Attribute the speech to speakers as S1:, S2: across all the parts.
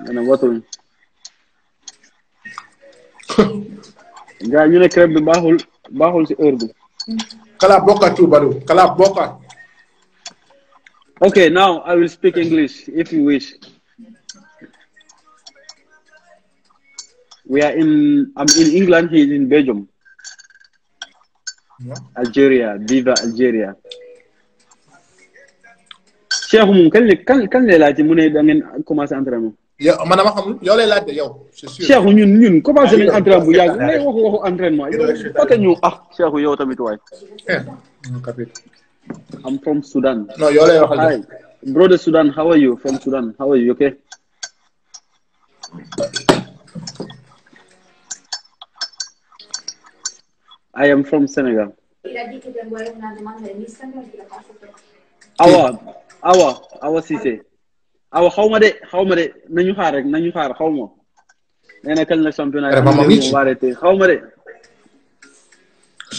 S1: nga ne watuñ
S2: gars ñu ne crêpe bi baaxul baaxul si heure bi kala boka tu baru kala boka okay now
S1: i will speak english if you wish we are in england he in belgium algeria viva algeria cheikh moom kañ kañ mu ne da ngeen commencé entraînement
S2: yow man dama xamul yow lay laajte yow. c'est sûr Cheikh
S1: bu yàgg ngay
S2: waxu waxu entraînement yow fàtte ah Cheikh yow tamit
S1: waay. Eh, I'm from Sudan. non yow lay waxal hi Sudan how are you okay. I am from Senegal. Awa Awa Awa Cissé. aw xaw ma de xaw ma de nañu xaar rek nañu xaar xaw ma nee na kañ la championnat yi arrêté xaw ma de.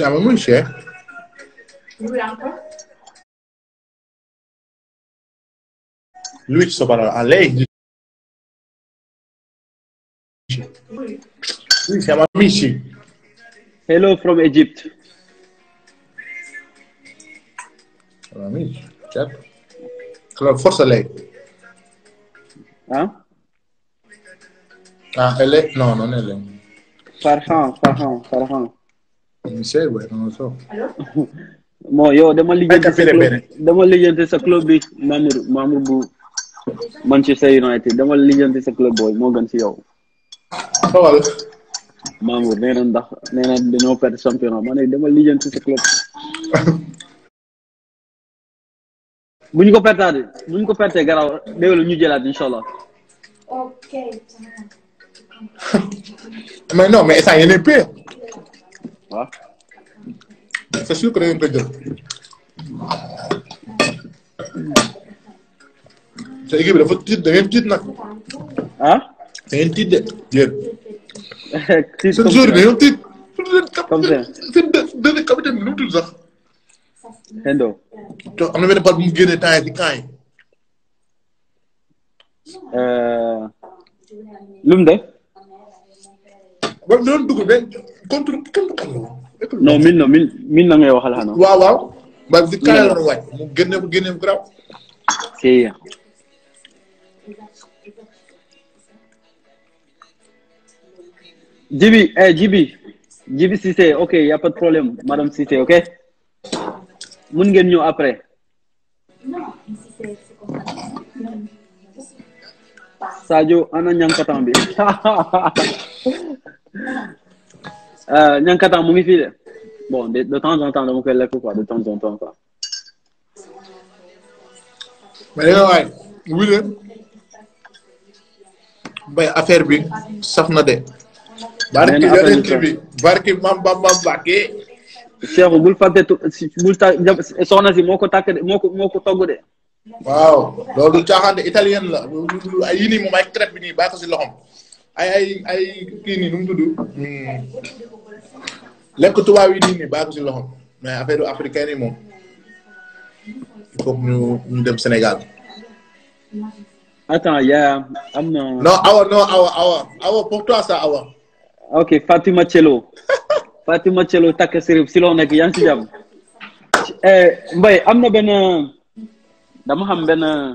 S2: Abramovich eh.
S3: Luis hello from Egypt. Abramovich.
S2: Club Force Lay. Hein? Ah, elle è... No, non è lei.
S1: Farhan, Farhan, Farhan. Mi segue, yow demal lijjanti sa club dama lijjanti sa club bi Mamour Mamour bu Manchester United dama lijjanti sa club booy moo gën si yow. Xawal. Mamour ndax nee na dañoo perte championnat ma ne dama lijjanti sa club. bu ñu ko pertaatee bu ñu ko pertee garaaw déwélu ñu jëlaat incha allah.
S3: ok.
S2: mais non mais ça yéen pire. waaw. c'est sûr jël. te équipe bi dafa tiit da ngeen tiit nag. ah. da ngeen tiit de. yéen. tiit comme ça seen jour yi dañoo tiit. sax. Hendo. to am bal mu génnee temps ci camp yi.
S1: Euh, lu mu def. waaw doon dugg mais contre kenn du non min na min min
S2: ngay waxal xanaa. waaw waaw. mbaa si camp la wàcc mu génne mu génne mu garaaw. c'est
S1: Jibi eh Jibi Jibi Cissé ok y pas problème madame Cissé ok. mu ngeen ñëw après. Sadio ana ñankatan bi euh, ñankatan mu ngi fii de bon de temps en temps dama koy lekk quoi de temps en temps quoi.
S2: mais yow waay wuy de bay affaire bi saf na de.
S1: barki yeneen kii bi Cheikh
S2: bul fàtte soxna si moo ko tàkk de moo ko moo ko togg de. waaw loolu caaxaan de italien la ay moom ay crêpe bi nii baax si loxom ay ay ay hmm. lekk tubaab yi nii nii si loxom mais affaire africaine yi moom il faut dem Sénégal. attends yaa non awa non awa awa pour toi
S1: ça awa. ok Fatima Cello. Fatima Thielou takk sirib si loo nekk yaa ngi si jàmm. Eh, Mbaye am na benn dama xam benn eh,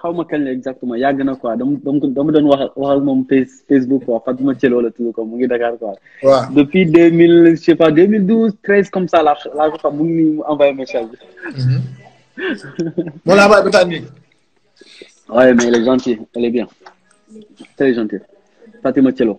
S1: xaw ma kañ la exactement yàgg na quoi dama dama doon wax wax ak moom Facebook quoi Fatima Thielou la tudd ko mu ngi Dakar quoi. waaw depuis deux mille je sais pas deux mille douze treize comme ça la la ko xam mu ngi nii mu envoyé la envoyé message bi. waaye mm-hmm. mais elle est gentille elle est bien très gentille Fatima Thielou.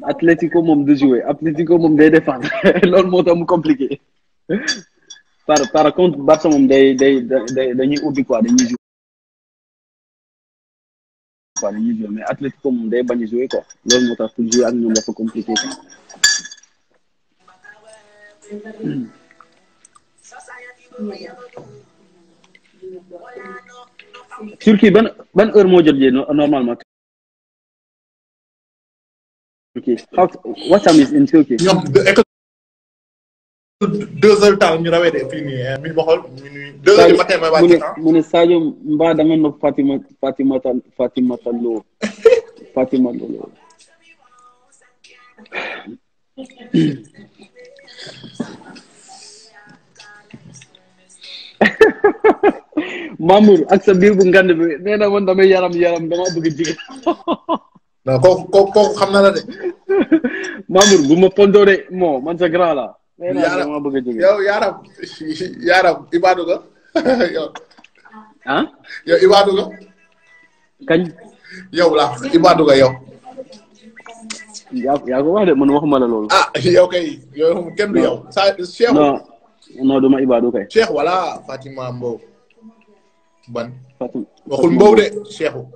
S1: Atlético moom du jouer Atlético moom day défendre loolu moo tax mu compliqué par par contre Barça moom day day day dañuy ubbi quoi dañuy jouer jouer mais Atlético moom day bañ a jouer quoi loolu moo tax pour jouer ak ñoom dafa compliqué quoi. Turquie ban
S3: ban heure moo jot normalement. ok what time is in Turkey. ñoom école deux heures temps ñu rawee
S1: de fii nii eh, mi
S2: ngi waxoon ñu
S3: nii deux heures du
S1: matin biir bu ngand bi nee na man damay yaram yaram damaa bëgg jigéen non kooku kooku kooku xam na la de. Mamour bu ma pondooree moo man sa la. yaaram maa bëgg a jógee yow
S2: yaaram yaaram Ibadou nga yow. ah. yow Ibadou nga. kañ. yow la Ibadou
S1: wax de man waxuma la loolu. ah
S2: yow kay yow kenn du yow. saa Cheikh. non non du ma Ibadou kay. Fatima Mbow. ban. Fatima waxul Mbow de
S3: Cheikhu.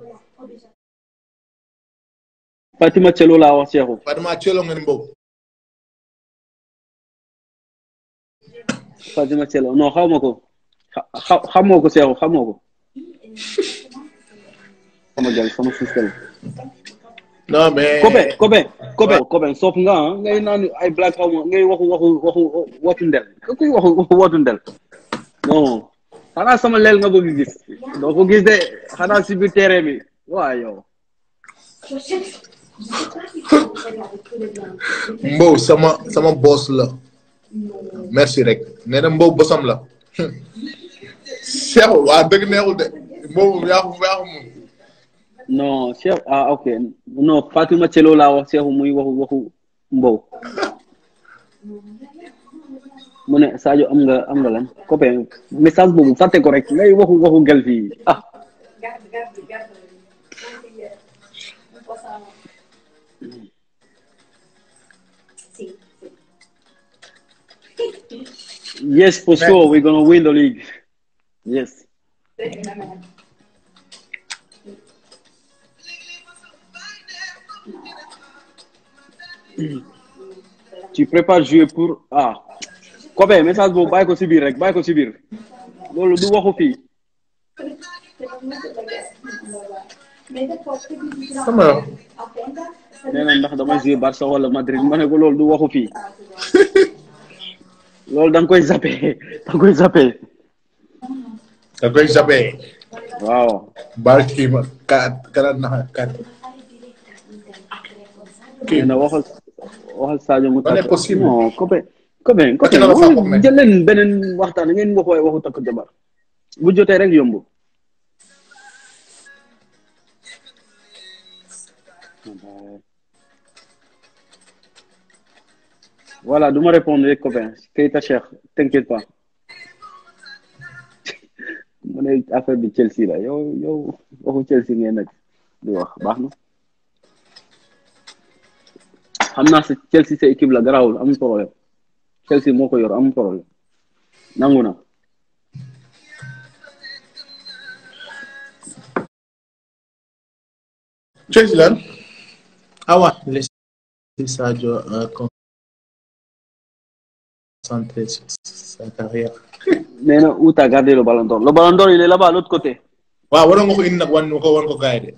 S3: Fatima Cello laa wax Cheikhou. Fatima Cello nga ni boobu. Fatima Cello non xaw ma ko xa xamoo ko Cheikhou xamoo ko.
S1: sama jël sama système.
S2: non mais Kobe
S1: Kobe Kobe Kobe soof nga ah ngay naan ay black xaw ma ngay waxu waxu waxu wootu ndel ka kuy waxu wootu ndel non xanaa sama leel nga bëgg gis doo ko gis de xanaa si
S2: biir terrain bi waaw yow. Mbow sama sama boss la. merci rek nee na Mbow bosam la. Cheikh waa dëgg neexul de Mbow yaa ko yaa ko
S1: moom. ah ok non Fatima Thieló laa wax Cheikh muy waxu waxu Mbow. mu ne Sadio am nga am nga lan copain message boobu fàtte ko rek ngay waxu waxu gel Yes, for right. sure. We're going to win the league.
S3: Yes.
S1: tu prépares jouer pour ah Kobé message boobu bàyyi ko biir rek bàyyi ko si biir loolu du waxu fii. xam nga. nee ndax dama jouer Barça wala Madrid ma ne ko loolu du waxu fii. loolu da koy zappé
S3: da nga koy zappé.
S2: da nga koy zappé. waaw. baal ka ma ka ka na ka. kii na waxal
S1: waxal Sadio mu takk non Kope. Kope Kope jël leen beneen waxtaan ngeen waxu waxu takk jabar bu jotee rek yomb. voilà du ma répondre les copains Keita Cheikh t'inquiète pas mu ne affaire bi Chelsea la yow yow waxu Chelsea ngeen nag di wax baax na xam naa Chelsea sa équipe la garaawul amul problème Chelsea moo ko yor amul problème
S3: nangu Chelsea lan awa laissez centré sur sa carrière.
S1: nee na où t'as gardé le ballon d'or le ballon d'or il est là-bas à l'autre côté. waaw waroon nga ko indi nag wan
S2: ko wan ko gaay de.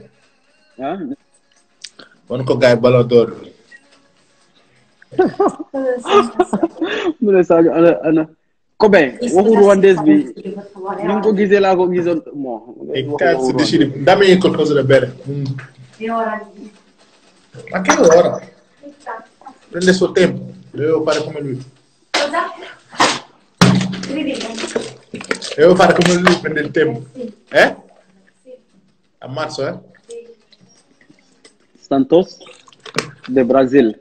S2: ah. wan ko gaay ballon d'or bi. mu
S1: ne Sadio ana ana. Cobain waxu rwandaise bi ni nga ko gisee laa ko gisoon bon. waxu
S2: waxu rwandaise. Eu falo como ele prende tempo. É? A março, é? Santos, de Brazil.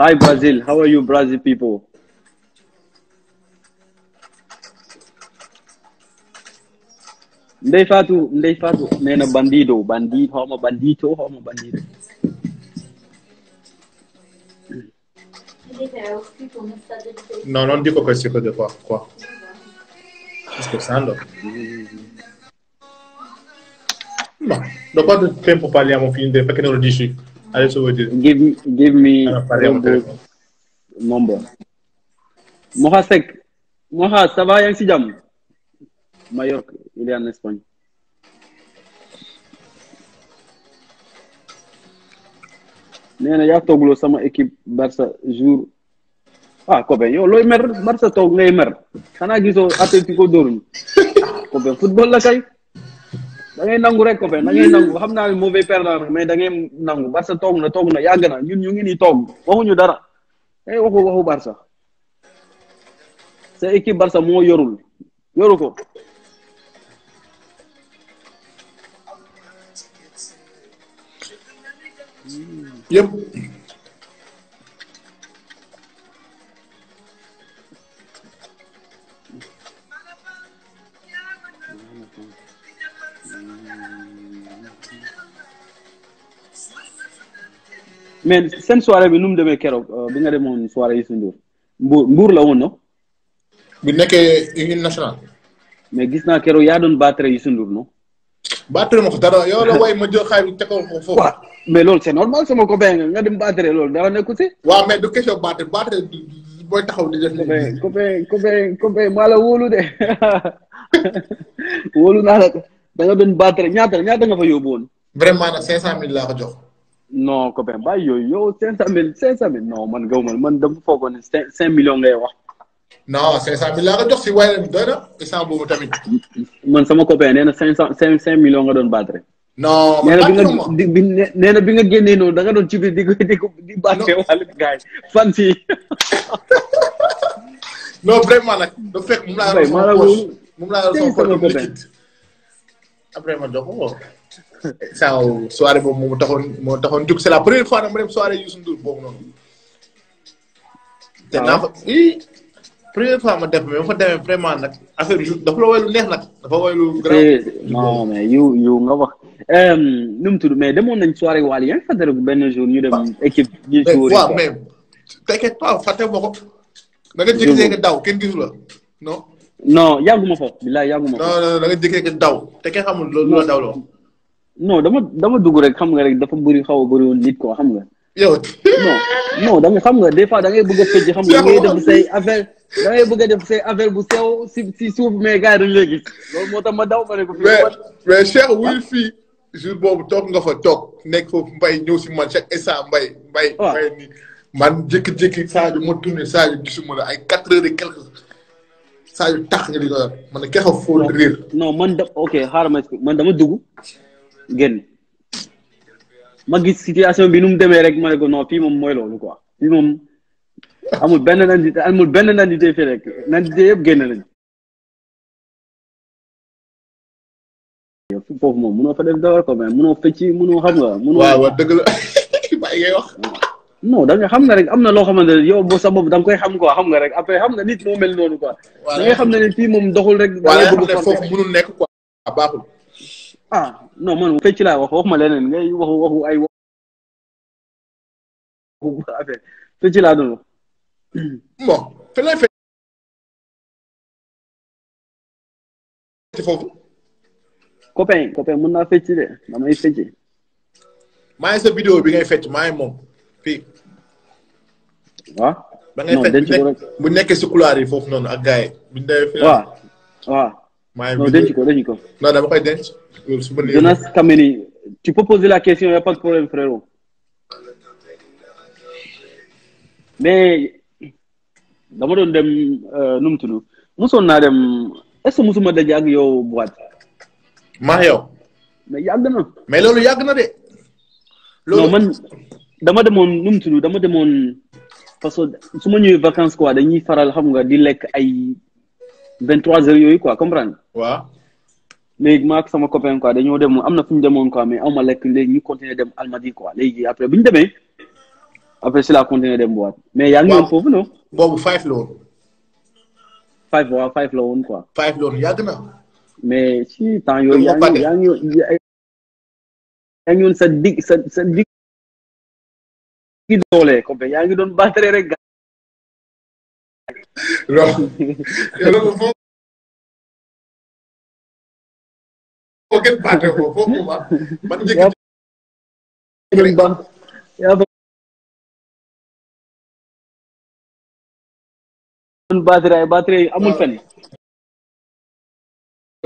S1: Hi, Brazil. How are you, Brazil people? Ndey Fatou, Ndey Fatou nee na bandido, bandit xaw ma bandito
S2: leggete avevo scritto un messaggio di Facebook. No, non dico questi cose qua. qua. Sto scherzando. Ma dopo quanto tempo parliamo fin de... perché non lo dici? Adesso vuoi dire? Give me, give me allora, ah, parliamo telefono. number. Moha Sek. Moha, ça
S1: va, Yang Sijam? Mallorca, il est en Espagne. nee na toog toogloo sama équipe Barça jour ah Copain yow looy mer Barça toog ngay mer xanaa gisoo Atlético dóoruñu ah Copain football la kay da nangu rek Copain da ngay nangu xam naa ne mauvais perdant mais da ngay nangu Barça toog na toog na yàgg na ñun ñu ngi nii toog waxuñu dara
S2: ay eh, waxu waxu Barça
S1: sa équipe Barça moo yorul yoru yëpp mais seen soirée bi nu mu demee keroog euh, bi nga demoon soirée yi si Ndour Mbour Mbour la woon na. bi nekkee Union mais gis naa keroog yaa doon battre yi si Ndour baat ma ko dara yow la waaye ma jël xaalis ca foofu. waaw mais loolu c'est normal sama copain nga nga dem baatere loolu dara nekku si.
S2: waaw mais du question baatere baatere booy taxaw di def. copain
S1: copain copain copain maa la wóolu de wóolu naa la da nga doon baatere ñaata ñaata nga fa
S2: yóbbu woon. vraiment nag cinq cent mille laa ko jox.
S1: non copain bàyyi yooyu yow cinq cent mille cinq cent mille non man gaw ma man dama foogoon ne cinq cinq millions ngay wax.
S2: non cinq cent mille laa ko jox si
S1: waaye doy na instant boobu tamit. man sama copain nee na cinq cent cinq cinq millions nga doon battre. non man battre moom nee na bi nga génnee noonu da nga doon ci biir di ko di ko di battre wàllu fan
S2: si. non vraiment nag. dafa fekk moom laa yor sama poche ma jox ko. saa soirée boobu moo taxoon moo taxoon la première fois nag ma ah. te naa fa i première fois ma def mais ma fa demee vraiment nag. affaire bi dafa la woy lu neex nag dafa woy lu. grave eh,
S1: non mais yow yow nga wax. nu mu tudd mais demoon nañ soirée waal yaa ngi fàttali ko benn jour ñu dem. équipe ñu ci wóor waaw mais
S2: t'inquiète pas fàtte ma ko. da nga jékki-jékki daw kenn gisu fa. bilaay yàgguma da nga jékki-jékki daw te kenn loolu la daw la
S1: dama dama dugg rek xam nga rek dafa bëri xaw a nit ko xam nga. yow non non xam nga des fois da ngay a fecc xam nga ngay da ngay bëgg a def say affaire bu sew
S2: si si suuf mais gars yi dañu léegi loolu moo tax ma daw ma ne ko. mais boobu toog nga toog nekk foofu mbay ñëw si man chaque mbay mbay. mbay nii man jékki-jékki Sadio ma tourné Sadio la ay quatre heures et quelque Sadio tax nga di ko man ne kexa fóol man dama dugg
S1: génn ma gis situation bi nu mu demee rek ma ne ko non fii moom mooy loolu quoi
S3: fii moom. amul benn nandite amul benn nandite fii rek nandite yëpp génn nañ
S1: foofu moom mënoo fa def dawal ko mais mënoo fecc mënoo xam nga mënoo waaw waaw
S3: dëgg la bàyyi ngay wax
S1: da xam nga rek am na loo xamante ne yow boo sa bopp da koy xam quoi xam nga rek après xam nga nit moo mel noonu ko da ngay xam ne ne fi moom doxul rek da ngay bëgg foofu mënul nekk ko ah, baaxul ah non man
S3: fecc laa wax waxuma leneen ngay waxu waxu ay waxu affaire fecc laa doon bon fan laay fecc foofu. naa fecc de
S2: damay fecc. maa sa vidéo bi ngay fecc maa ngi moom fii. waaw ba ngay fecc bu nekkee si couloir foofu noonu ak bu ñu demee maa ngi denc ko denc ko. non dama denc. Jonas Kameni
S1: tu peux poser la question y a pas problème frérot. mais dama doon dem euh, nu mu tudd mosoon naa dem est-ce que mosuma daje ak yow boîte. maa yow. mais yàgg na. mais loolu yàgg na de. loolu man dama demoon nu mu tudd dama demoon parce que su ma ñëwee vacances quoi dañuy faral xam nga di lekk ay vingt trois heures yooyu quoi comprendre. waaw. léegi ma ak sama copain quoi dañoo dem am na fu ñu demoon quoi mais aw ma lekk léegi ñu continuer dem Almadies quoi léegi après bu ñu demee après si la continuer dem boîte. mais yaa ngi foofu non. boobu five la woon. five waaw five la
S3: woon quoi. five la woon yàgg na. mais si temps yooyu. yaa ngi yaa ngi yaa ngi sa dig sa sa dig. doole comme yaa ngi doon battre rek. foo kenn baate ko foo ko ba man njëkk ba doon baatiraay baatiraay amul fenn.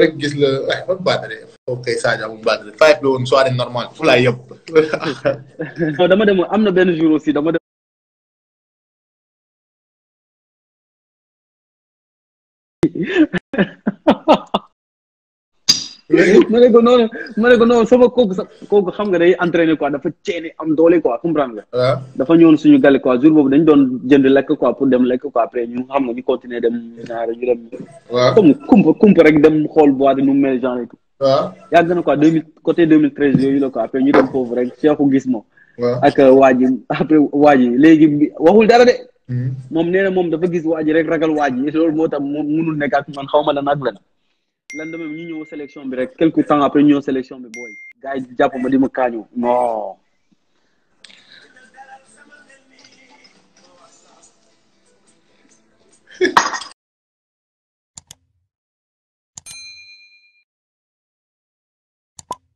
S3: rek gis la waaye eh, man baatiraay ok Sadio amul baatiraay five la woon soirée normale fu laay yëpp. dama dem am na benn jour aussi dama dem. ma ne ko noonu ma ne ko noonu sama
S1: kooku sax kooku xam nga day entraîné quoi dafa ceeni am doole quoi comprendre nga. dafa ñëwoon suñu gàll quoi jour boobu dañ doon jënd lekk quoi pour dem lekk quoi après ñu xam nga ñu continuer dem ñaare dem. waaw comme kumpa kumpa xool bois de nu mel genre et tout. waaw yàgg na quoi deux mille côté deux mille treize yooyu la quoi après ñu dem foofu rek Cheikhou gis ma. Euh, waa ji après waa ji léegi waxul dara de. Mhm. moom nee na moom dafa gis waa ji rek ragal waaj ji loolu moo tam mu munul nekk ak man xaw ma la ak lan. lan la même ñu ñëw sélection bi rek quelque temps après ñu ñëw sélection bi booy gars jàpp ma di ma kaañu non.